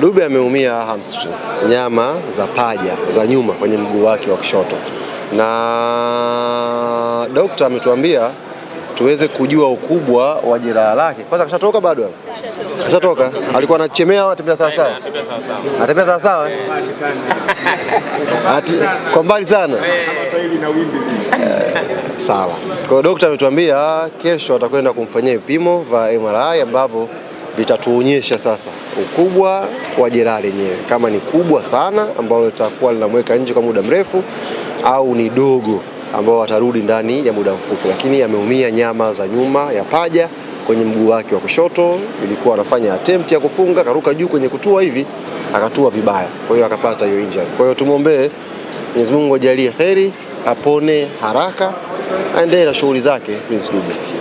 Dube ameumia hamstring, nyama za paja za nyuma kwenye mguu wake wa kushoto, na dokta ametuambia tuweze kujua ukubwa wa jeraha lake. Kwanza kashatoka bado? Kashatoka. Alikuwa anachemea au atembea sawa sawa? Atembea sawa sawa. Eh. Kwa mbali sana. Eh. Eh, sawa. Kwa hiyo daktari ametuambia kesho atakwenda kumfanyia vipimo vya MRI ambavyo vitatuonyesha sasa ukubwa wa jeraha lenyewe, kama ni kubwa sana ambalo litakuwa linamweka nje kwa muda mrefu au ni dogo ambao watarudi ndani ya muda mfupi. Lakini ameumia nyama za nyuma ya paja kwenye mguu wake wa kushoto, ilikuwa anafanya attempt ya kufunga, karuka juu kwenye kutua hivi, akatua vibaya, kwa hiyo akapata hiyo injury. Kwa hiyo tumwombee Mwenyezi Mungu ajalie kheri, apone haraka, aendelee na shughuli zake Prince Dube.